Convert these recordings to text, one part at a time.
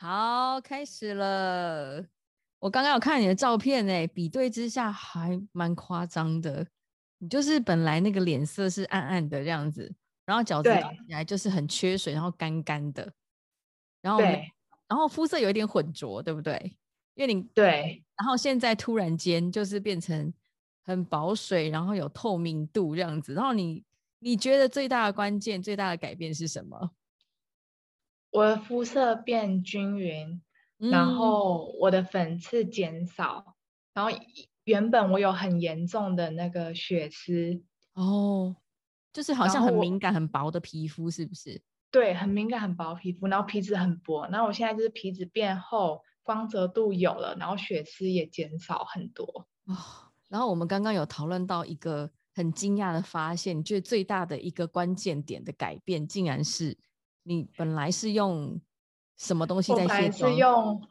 好，開始了。我剛剛有看你的照片、欸，哎，比對之下還蠻誇張的。你就是本來那個臉色是暗暗的這樣子，然後角質起來就是很缺水，然後乾乾的。然後對，然後膚色有一點混濁，對不對？因為你對。然後現在突然間就是變成很保水，然後有透明度這樣子。然後你你覺得最大的關鍵、最大的改變是什麼？我的膚色變均勻，嗯，然後我的粉刺減少，然後原本我有很嚴重的那個血絲哦，就是好像很敏感，很薄的皮膚是不是？對，很敏感，很薄皮膚，然後皮質很薄，然後我現在就是皮質變厚，光澤度有了，然後血絲也減少很多。哦，然後我們剛剛有討論到一個很驚訝的發現，你覺得最大的一個關鍵點的改變，竟然是？你本來是用什麼東西在卸妝？我本來是用，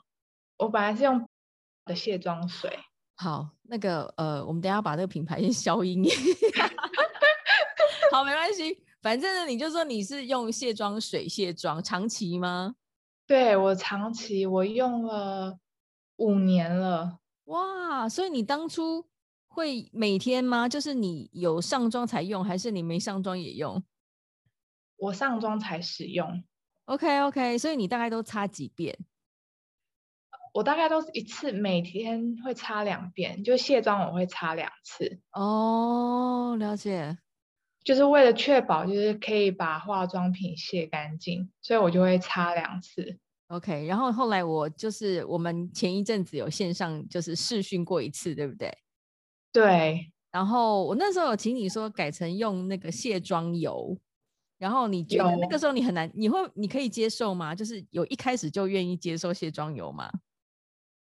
我本來是用的卸妝水。好，那個呃，我們等一下把這個品牌先消音一下。 好，沒關係，反正呢，你就說你是用卸妝水卸妝，長期嗎？對，我長期，我用了五年了。哇，所以你當初會每天嗎？就是你有上妝才用，還是你沒上妝也用？我上妝才使用，OK OK，所以你大概都擦幾遍？我大概都是一次每天會擦兩遍，就卸妝我會擦兩次。哦、oh,，了解，就是為了確保就是可以把化妝品卸乾淨，所以我就會擦兩次。OK，然後後來我就是我們前一陣子有線上就是視訊過一次，對不對？對。然後我那時候有請你說改成用那個卸妝油。然後你覺得那個時候你很難，你會你可以接受嗎？就是有一開始就願意接受卸妝油嗎？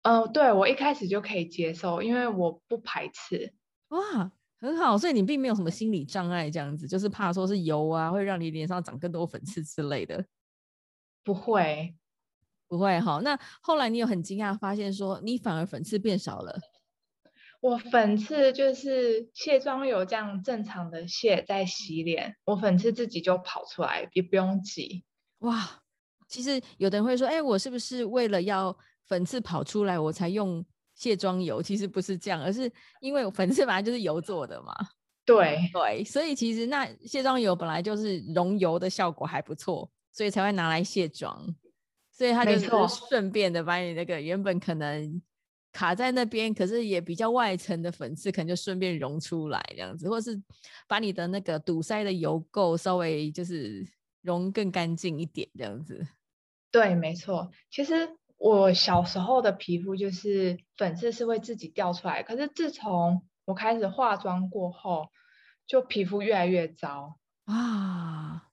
呃，對，我一開始就可以接受，因為我不排斥。哇，很好，所以你並沒有什麼心理障礙，這樣子就是怕說是油啊，會讓你臉上長更多粉刺之類的。不會，不會哈。那後來你有很驚訝發現說，你反而粉刺變少了。我粉刺就是卸妝油這樣正常的卸，再洗臉，我粉刺自己就跑出來，也不用擠。哇，其實有的人會說，哎、欸，我是不是為了要粉刺跑出來，我才用卸妝油？其實不是這樣，而是因為粉刺本來就是油做的嘛。對、嗯、對，所以其實那卸妝油本來就是溶油的效果還不錯，所以才會拿來卸妝。所以它就是順便的把你那個原本可能。卡在那邊，可是也比較外層的粉刺，可能就順便融出來這樣子，或是把你的那個堵塞的油垢稍微就是融更乾淨一點這樣子。對，沒錯。其實我小時候的皮膚就是粉刺是會自己掉出來，可是自從我開始化妝過後，就皮膚越來越糟。啊，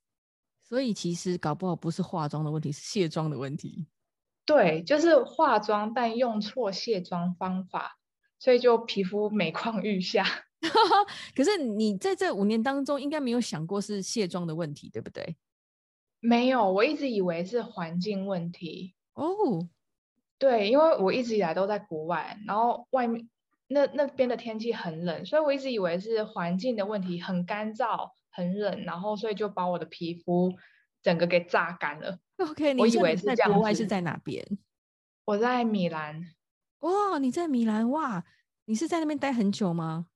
所以其實搞不好不是化妝的問題，是卸妝的問題。對，就是化妝，但用錯卸妝方法，所以就皮膚每況愈下。 可是你在這五年當中，應該沒有想過是卸妝的問題，對不對？沒有，我一直以為是環境問題。哦。對，因為我一直以來都在國外，然後外面那那邊的天氣很冷，所以我一直以為是環境的問題，很乾燥、很冷，然後所以就把我的皮膚整個給榨乾了。O.K. 以為是你是在國外，是在哪邊？我在米蘭。哇、哦，你在米蘭哇？你是在那邊待很久嗎？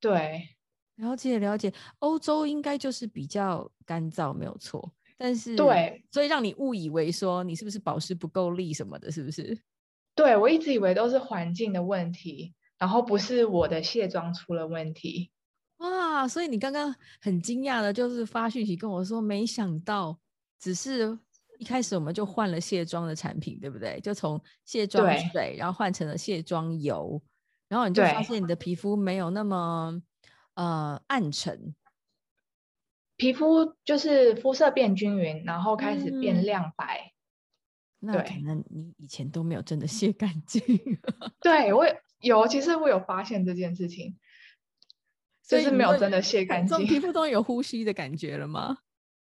對，了解了解。歐洲應該就是比較乾燥，沒有錯。但是對，所以讓你誤以為說你是不是保濕不夠力什麼的，是不是？對，我一直以為都是環境的問題，然後不是我的卸妝出了問題、嗯。哇，所以你剛剛很驚訝的，就是發訊息跟我說，沒想到只是。一開始我們就換了卸妝的產品，對不對？就從卸妝水，然後換成了卸妝油，然後你就發現你的皮膚沒有那麼呃暗沉，皮膚就是膚色變均勻，然後開始變亮白。嗯、那可能你以前都沒有真的卸乾淨。對，我有，其實我有發現這件事情，就是沒有真的卸乾淨。你皮膚終於有呼吸的感覺了嗎？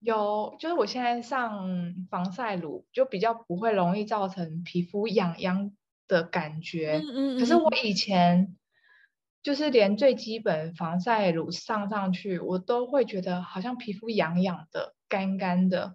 有，就是我現在上防曬乳就比較不會容易造成皮膚癢癢的感覺。嗯嗯。可是我以前就是連最基本防曬乳上上去，我都會覺得好像皮膚癢癢的、乾乾的，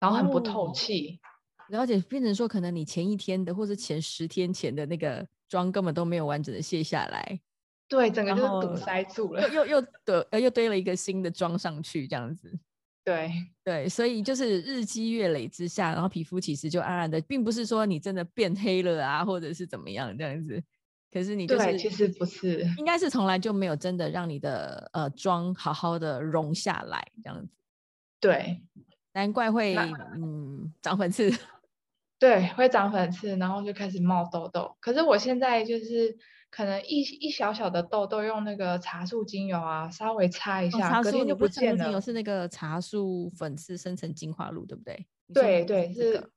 然後很不透氣。後、哦、了解，就變成說可能你前一天的或是前十天前的那個妝根本都沒有完整的卸下來。對，整個就是堵塞住了。又又又、又堆了一個新的妝上去，這樣子。對對，所以就是日積月累之下，然後皮膚其實就暗暗的，並不是說你真的變黑了啊，或者是怎麼樣這樣子。可是你、就是、對，其實不是，應該是從來就沒有真的讓你的呃妝好好的融下來這樣子。對，難怪會嗯長粉刺。對，會長粉刺，然後就開始冒痘痘。可是我現在就是。可能一一小小的痘痘用那個茶樹精油啊，稍微擦一下，哦、隔天就不見了。是那個茶樹粉刺深層精華露，對不對？對對是、這個，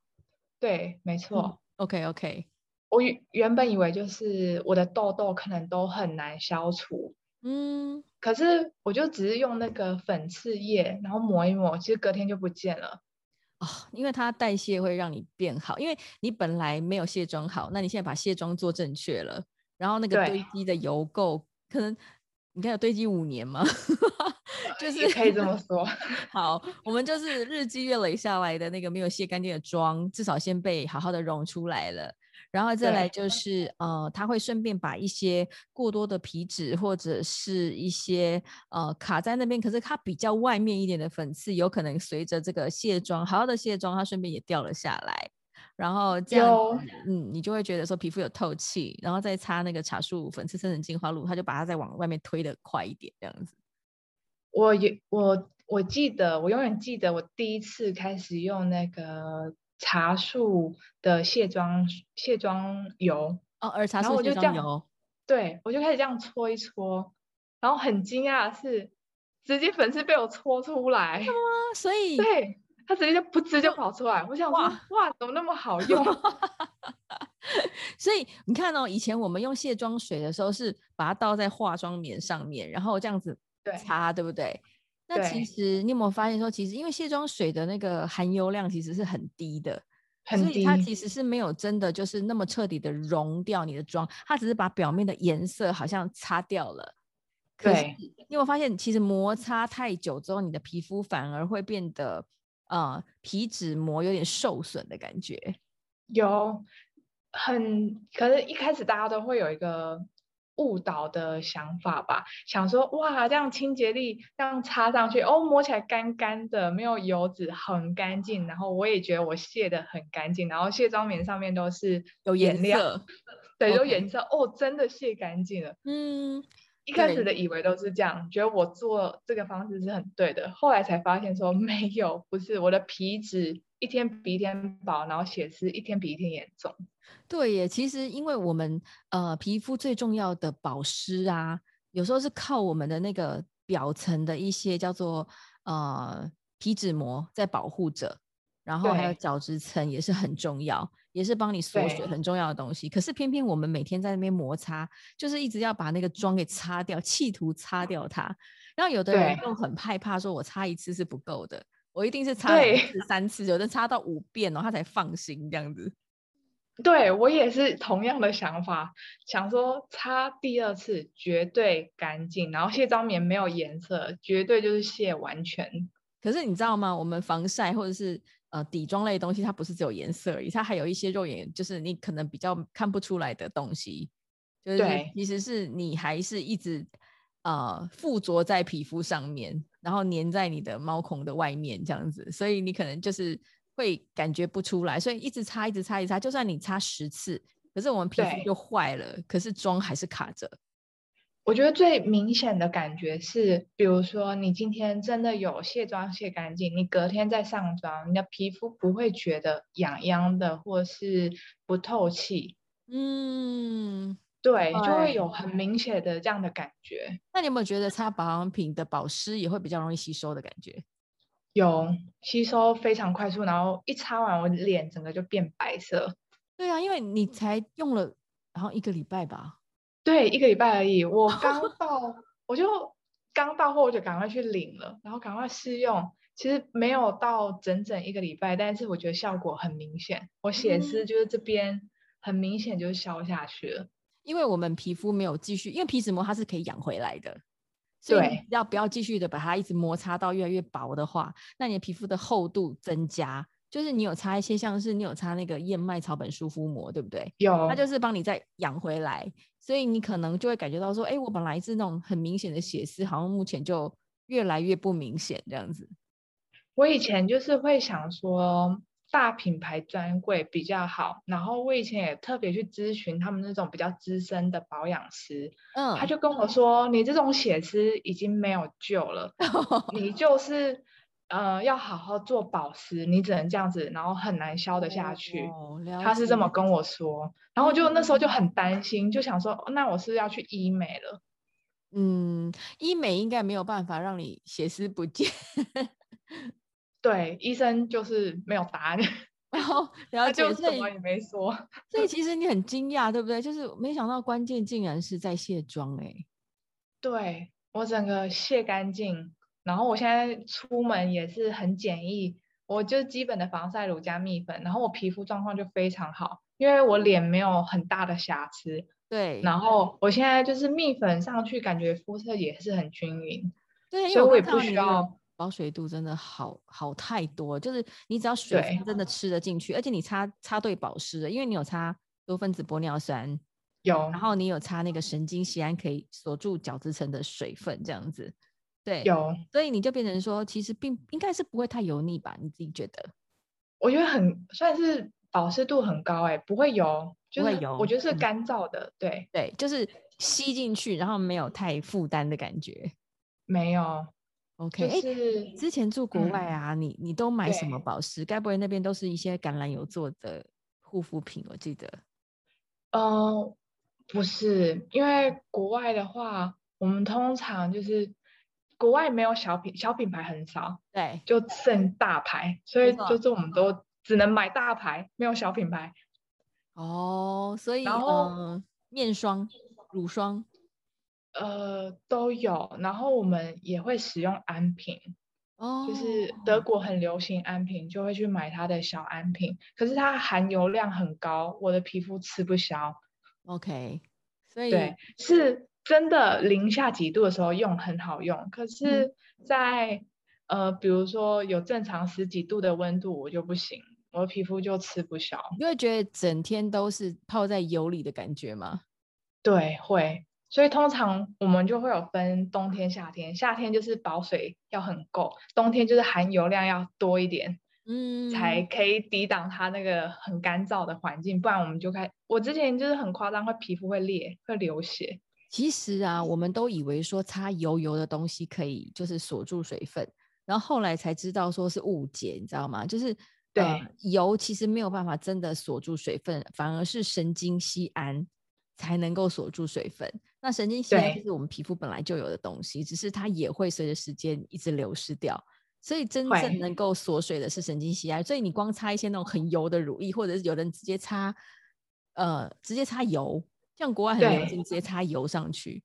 對，沒錯。嗯、OK OK，我原原本以為就是我的痘痘可能都很難消除，嗯，可是我就只是用那個粉刺液，然後抹一抹，其實隔天就不見了。哦，因為它代謝會讓你變好，因為你本來沒有卸妝好，那你現在把卸妝做正確了。然後那個堆積的油垢，可能你看有堆積五年嗎？ 就是可以這麼說。 好，我們就是日積月累下來的那個沒有卸乾淨的妝，至少先被好好的融出來了。然後再來就是呃，他會順便把一些過多的皮脂或者是一些呃卡在那邊，可是它比較外面一點的粉刺，有可能隨着這個卸妝，好好的卸妝，它順便也掉了下來。然後這樣，哦，嗯，你就會覺得說皮膚有透氣，然後再擦那個茶樹粉刺深層精華露，它就把它再往外面推得快一點，這樣子。我也我我記得，我永遠記得我第一次開始用那個茶樹的卸妝卸妝油啊，嗯哦，而茶樹然後我就這樣，對，我就開始這樣搓一搓，然後很驚訝的是，直接粉刺被我搓出來，所以對。它直接就撲哧就跑出來，我想哇哇怎麼那麼好用？ 所以你看哦，以前我們用卸妝水的時候是把它倒在化妝棉上面，然後這樣子擦，對，對不對？那其實你有沒有發現說，其實因為卸妝水的那個含油量其實是很低的很低，所以它其實是沒有真的就是那麼徹底的溶掉你的妝，它只是把表面的顏色好像擦掉了。對，可是你有沒有發現其實摩擦太久之後，你的皮膚反而會變得。啊、嗯，皮脂膜有點受損的感覺，有很，可是一開始大家都會有一個誤導的想法吧，想說哇，這樣清潔力，這樣擦上去，哦，摸起來乾乾的，沒有油脂，很乾淨。然後我也覺得我卸得很乾淨，然後卸妝棉上面都是有顏料。顏色。 對，Okay. 有顏色，哦，真的卸乾淨了，嗯。一開始的以為都是這樣，覺得我做這個方式是很對的，後來才發現說沒有，不是，我的皮脂一天比一天薄，然後血絲一天比一天嚴重。對耶，其實因為我們呃皮膚最重要的保濕啊，有時候是靠我們的那個表層的一些叫做呃皮脂膜在保護着，然後還有角質層也是很重要。也是幫你鎖水，很重要的東西。可是偏偏我們每天在那邊摩擦，就是一直要把那個妝給擦掉，企圖擦掉它。然後有的人又很害怕，說我擦一次是不夠的，我一定是擦兩次三次，有的擦到五遍，然後他才放心這樣子。對，我也是同樣的想法，想說擦第二次絕對乾淨，然後卸妝棉沒有顏色，絕對就是卸完全。可是你知道嗎？我們防曬或者是。呃，底妝類的東西它不是只有顏色而已，它還有一些肉眼就是你可能比較看不出來的東西，就是其實是你還是一直呃附着在皮膚上面，然後粘在你的毛孔的外面這樣子，所以你可能就是會感覺不出來，所以一直擦一直擦一直擦，就算你擦十次，可是我們皮膚就壞了，可是妝還是卡着。我覺得最明顯的感覺是，比如說你今天真的有卸妝卸乾淨，你隔天再上妝，你的皮膚不會覺得癢癢的，或是不透氣。嗯，對，嗯，就會有很明顯的這樣的感覺。那你有沒有覺得擦保養品的保濕也會比較容易吸收的感覺？有，吸收非常快速，然後一擦完，我臉整個就變白色。對啊，因為你才用了然後一個禮拜吧。對，一個禮拜而已。我呵呵剛到，我就剛到貨，我就趕快去領了，然後趕快試用。其實沒有到整整一個禮拜，但是我覺得效果很明顯。我顯示就是這邊很明顯就消下去了。嗯。因為我們皮膚沒有繼續，因為皮脂膜它是可以養回來的，對，所以要不要繼續的把它一直摩擦到越來越薄的話，那你的皮膚的厚度增加。就是你有擦一些，像是你有擦那個燕麥草本舒膚膜膜，對不對？有，它就是幫你再養回來，所以你可能就會感覺到說，哎，欸，我本來是那種很明顯的血絲，好像目前就越來越不明顯這樣子。我以前就是會想說大品牌專櫃比較好，然後我以前也特別去諮詢他們那種比較資深的保養師，嗯，他就跟我說，你這種血絲已經沒有救了， 你就是。嗯、呃，要好好做保濕，你只能這樣子，然後很難消得下去。哦，他是這麼跟我說，然後就那時候就很擔心，嗯，就想說，哦、那我是不是要去醫美了？嗯，醫美應該沒有辦法讓你血絲不見。 對，醫生就是沒有答案。然後然後就什麼也沒說。所以，所以其實你很驚訝，對不對？就是沒想到關鍵竟然是在卸妝哎、欸。對，我整個卸乾淨。然後我現在出門也是很簡易，我就基本的防曬乳加蜜粉，然後我皮膚狀況就非常好，因為我臉沒有很大的瑕疵。對。然後我現在就是蜜粉上去，感覺膚色也是很均勻。對，所以我也不需要。保水度真的好好太多，就是你只要水真的吃得進去，而且你擦擦對保濕的，因為你有擦多分子玻尿酸，有。然後你有擦那個神經酰胺，可以鎖住角質層的水分，這樣子。對，有，所以你就變成說，其實並應該是不會太油膩吧？你自己覺得？我覺得很算是保濕度很高、欸，哎，不會油，不會油，就是、我覺得是乾燥的，嗯、對對，就是吸進去，然後沒有太負擔的感覺，沒有。OK，可、就是、欸、之前住國外啊，嗯、你你都買什麼保濕？該不會那邊都是一些橄欖油做的護膚品？我記得，嗯、呃，不是，因為國外的話，我們通常就是。國外沒有小品小品牌，很少，對，就剩大牌，所以就是我們都只能買大牌，沒有小品牌。哦，所以然後、呃、面霜、乳霜，呃都有。然後我們也會使用安瓶，哦，就是德國很流行安瓶，就會去買它的小安瓶。可是它含油量很高，我的皮膚吃不消。OK，所以對是。真的零下幾度的時候用很好用，可是在，在、嗯、呃，比如說有正常十幾度的溫度，我就不行，我的皮膚就吃不消。你會覺得整天都是泡在油裡的感覺嗎？對，會。所以通常我們就會有分冬天、夏天。夏天就是保水要很夠，冬天就是含油量要多一點，嗯，才可以抵擋它那個很乾燥的環境。不然我們就開，我之前就是很誇張，會皮膚會裂，會流血。其實啊，我們都以為說擦油油的東西可以就是鎖住水分，然後後來才知道說是誤解，你知道嗎？就是對、呃、油其實沒有辦法真的鎖住水分，反而是神經酰胺才能夠鎖住水分。那神經酰胺就是我們皮膚本來就有的東西，只是它也會隨着時間一直流失掉。所以真正能夠鎖水的是神經酰胺。所以你光擦一些那種很油的乳液，或者是有人直接擦呃直接擦油，像國外很流行直接擦油上去，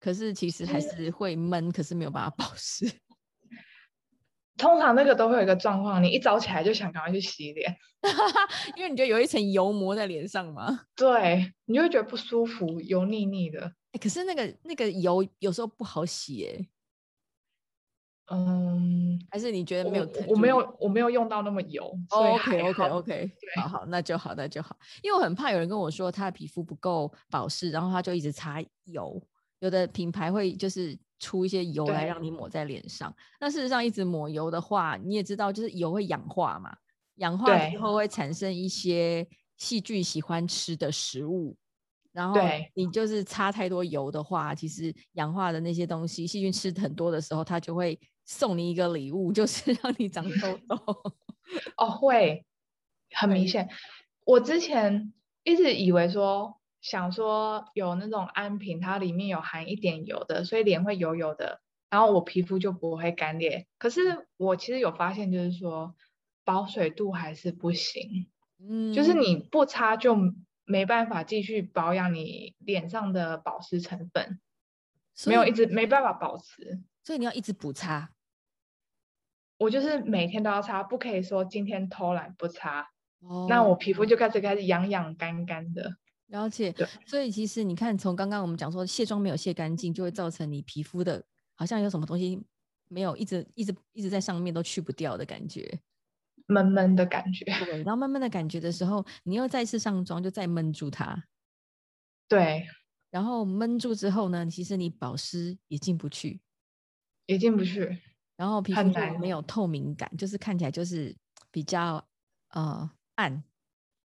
可是其實還是會悶，可是沒有辦法保濕。通常那個都會有一個狀況，你一早起來就想趕快去洗臉， 因為你覺得有一層油膜在臉上嘛。對，你就會覺得不舒服，油膩膩的。哎、欸，可是那個那個油有時候不好洗，欸。嗯，還是你覺得沒有我？我沒有，我沒有用到那麼油。OK，OK，OK，okay, okay, okay. 好好，那就好，那就好。因為我很怕有人跟我說他的皮膚不夠保濕，然後他就一直擦油。有的品牌會就是出一些油來讓你抹在臉上。那事實上，一直抹油的話，你也知道，就是油會氧化嘛，氧化以後會產生一些細菌喜歡吃的食物。然後你就是擦太多油的話，其實氧化的那些東西，細菌吃很多的時候，它就會。送你一個禮物，就是讓你長痘痘。 哦，會很明顯。我之前一直以為說，想說有那種安瓶，它裡面有含一點油的，所以臉會油油的，然後我皮膚就不會乾裂。可是我其實有發現，就是說保水度還是不行，嗯，就是你不擦就沒辦法繼續保養你臉上的保濕成分，沒有一直沒辦法保持，所以你要一直補擦。我就是每天都要擦，不可以說今天偷懶不擦，哦，那我皮膚就開始開始癢癢乾乾的。了解，對，所以其實你看，從剛剛我們講說卸妝沒有卸乾淨，就會造成你皮膚的好像有什麼東西沒有一直一直一直在上面都去不掉的感覺，悶悶的感覺。然後悶悶的感覺的時候，你又再次上妝就再悶住它。對，然後悶住之後呢，其實你保濕也進不去，也進不去。然後皮膚沒有透明感明，就是看起來就是比較呃暗，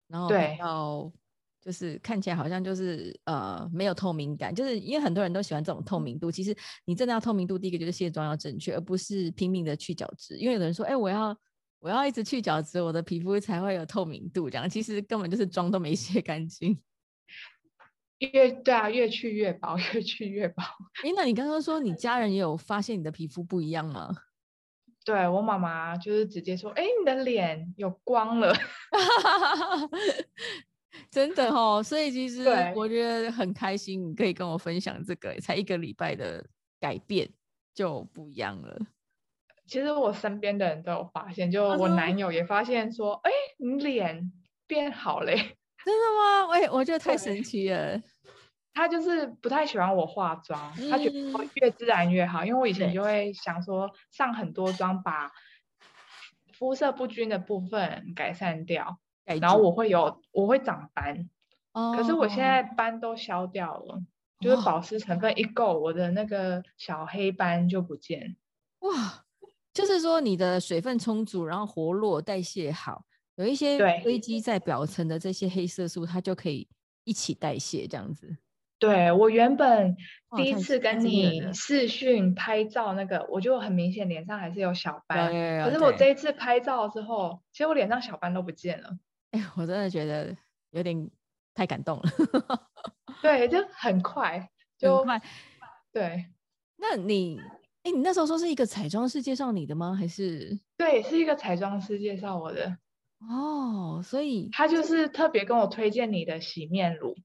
然後要就是看起來好像就是呃沒有透明感，就是因為很多人都喜歡這種透明度，嗯。其實你真的要透明度，第一個就是卸妝要正確，而不是拼命的去角質。因為有的人說，哎、欸，我要我要一直去角質，我的皮膚才會有透明度。這樣其實根本就是妝都沒卸乾淨。越對啊，越去越薄，越去越薄、欸。那你剛剛說你家人也有發現你的皮膚不一樣嗎？對，我媽媽就是直接說：“哎、欸，你的臉有光了。 ” 真的哦，所以其實我覺得很開心，你可以跟我分享這個才一個禮拜的改變就不一樣了。其實我身邊的人都有發現，就我男友也發現說：“哎、啊欸，你臉變好嘞、欸。”真的嗎？我也我覺得太神奇了。他就是不太喜歡我化妝、嗯，他覺得越自然越好。因為我以前就會想說上很多妝，把膚色不均的部分改善掉。然後我會有我會長斑、哦，可是我現在斑都消掉了。就是保濕成分一夠，哦、我的那個小黑斑就不見。哇，就是說你的水分充足，然後活絡代謝好。有一些堆積在表層的這些黑色素，它就可以一起代謝，這樣子。對，我原本第一次跟你視訊拍照那個，我就很明顯臉上還是有小斑。可是我這一次拍照之後，其實我臉上小斑都不見了。哎、欸，我真的覺得有點太感動了。 對，就很快，就慢、嗯、對，那你，哎、欸，你那時候說是一個彩妝師介紹你的嗎？還是？對，是一個彩妝師介紹我的。哦、oh,，所以他就是特別跟我推薦你的洗面乳，oh.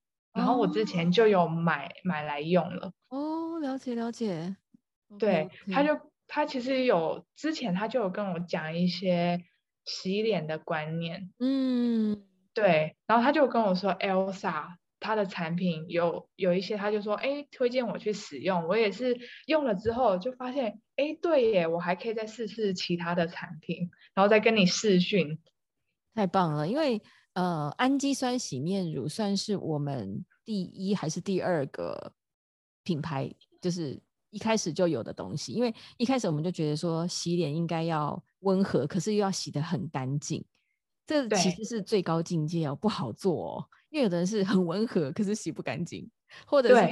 然後我之前就有買買來用了。哦、oh,，了解了解。對，okay, okay. 他就他其實有之前他就有跟我講一些洗臉的觀念，嗯、mm.，對。然後他就跟我說，Elsa 他的產品有有一些，他就說，哎，推薦我去使用。我也是用了之後就發現，哎，對耶，我還可以再試試其他的產品，然後再跟你視訊。太棒了，因為呃，氨基酸洗面乳算是我們第一還是第二個品牌，就是一開始就有的東西。因為一開始我們就覺得說，洗臉應該要溫和，可是又要洗得很乾淨，這其實是最高境界哦，不好做哦。因為有的人是很溫和，可是洗不乾淨；或者是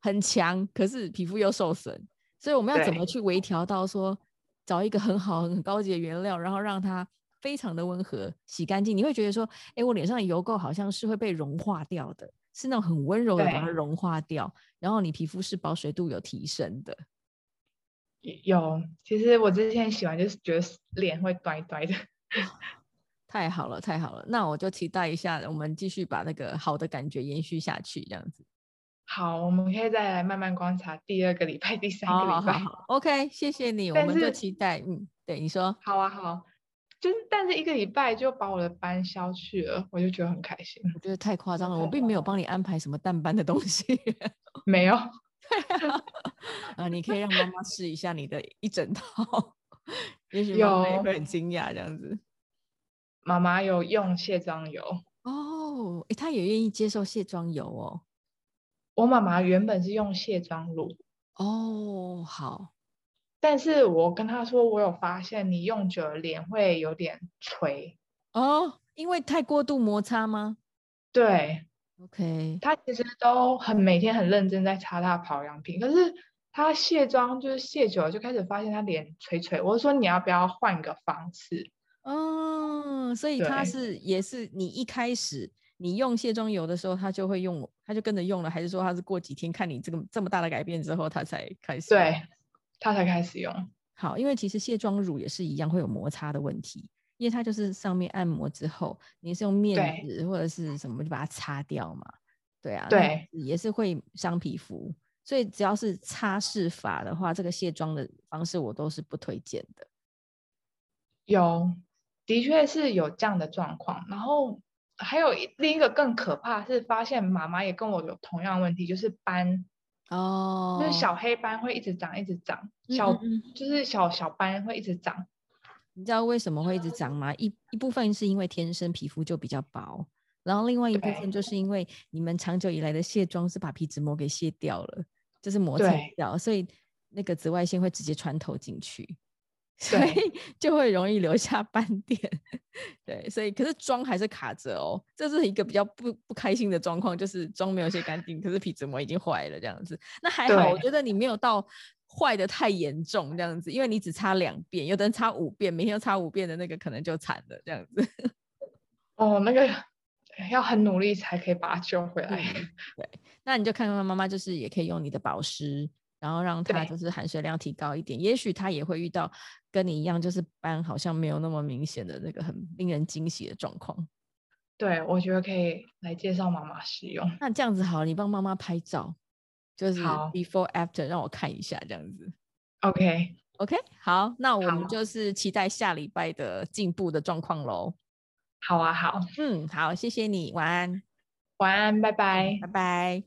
很強，可是皮膚又受損。所以我們要怎麼去微調到說，找一個很好、很高級的原料，然後讓它。非常的溫和，洗乾淨你會覺得說，哎、欸，我臉上的油垢好像是會被融化掉的，是那種很溫柔的把它融化掉，啊、然後你皮膚是保水度有提升的。有，其實我之前洗完就是覺得臉會乾乾的。太好了，太好了，那我就期待一下，我們繼續把那個好的感覺延續下去，這樣子。好，我們可以再來慢慢觀察第二個禮拜、第三個禮拜。好好好好 OK，謝謝你，我們就期待。嗯，對，你說。好啊，好。但是一個禮拜就把我的斑消去了，我就覺得很開心。我覺得太誇張了，我並沒有幫你安排什麼淡斑的東西，沒有。 啊，你可以讓媽媽試一下你的一整套，有， 很驚訝這樣子。媽媽有用卸妝油哦，哎、oh,，她也願意接受卸妝油哦。我媽媽原本是用卸妝乳哦，oh, 好。但是我跟他說，我有發現你用久了臉會有點垂哦，因為太過度摩擦嗎？對，OK。他其實都很每天很認真在擦他的保養品，可是他卸妝就是卸久了就開始發現他臉垂垂。我說你要不要換個方式？嗯、哦，所以他是也是你一開始你用卸妝油的時候，他就會用，他就跟着用了，還是說他是過幾天看你這個這麼大的改變之後，他才開始？對。他才開始用好，因為其實卸妝乳也是一樣會有摩擦的問題，因為它就是上面按摩之後，你是用面紙或者是什麼就把它擦掉嘛，對，對啊，對，也是會傷皮膚，所以只要是擦拭法的話，這個卸妝的方式我都是不推薦的。有，的確是有這樣的狀況，然後還有另一個更可怕是發現媽媽也跟我有同樣的問題，就是斑。哦，那小黑斑會一直長，一直長，嗯、小就是小小斑會一直長。你知道為什麼會一直長嗎？嗯、一一部分是因為天生皮膚就比較薄，然後另外一部分就是因為你們長久以來的卸妝是把皮脂膜給卸掉了，就是磨蹭掉，所以那個紫外線會直接穿透進去。所以就會容易留下斑點，對， 對，所以可是妝還是卡着哦，這是一個比較不不開心的狀況，就是妝沒有卸乾淨，可是皮脂膜已經壞了這樣子。那還好，我覺得你沒有到壞得太嚴重這樣子，因為你只擦兩遍，有的人擦五遍，每天又擦五遍的那個可能就慘了這樣子。哦，那個要很努力才可以把它救回來。嗯，對，那你就看看媽媽，就是也可以用你的保濕。然後讓他就是含水量提高一點，也許他也會遇到跟你一樣，就是斑好像沒有那麼明顯的那個很令人驚喜的狀況。對，我覺得可以來介紹媽媽使用。那這樣子好，你幫媽媽拍照，就是好，before after，讓我看一下這樣子。OK OK，好，那我們就是期待下禮拜的進步的狀況嘍。好啊，好，嗯，好，謝謝你，晚安。晚安，拜拜，拜拜。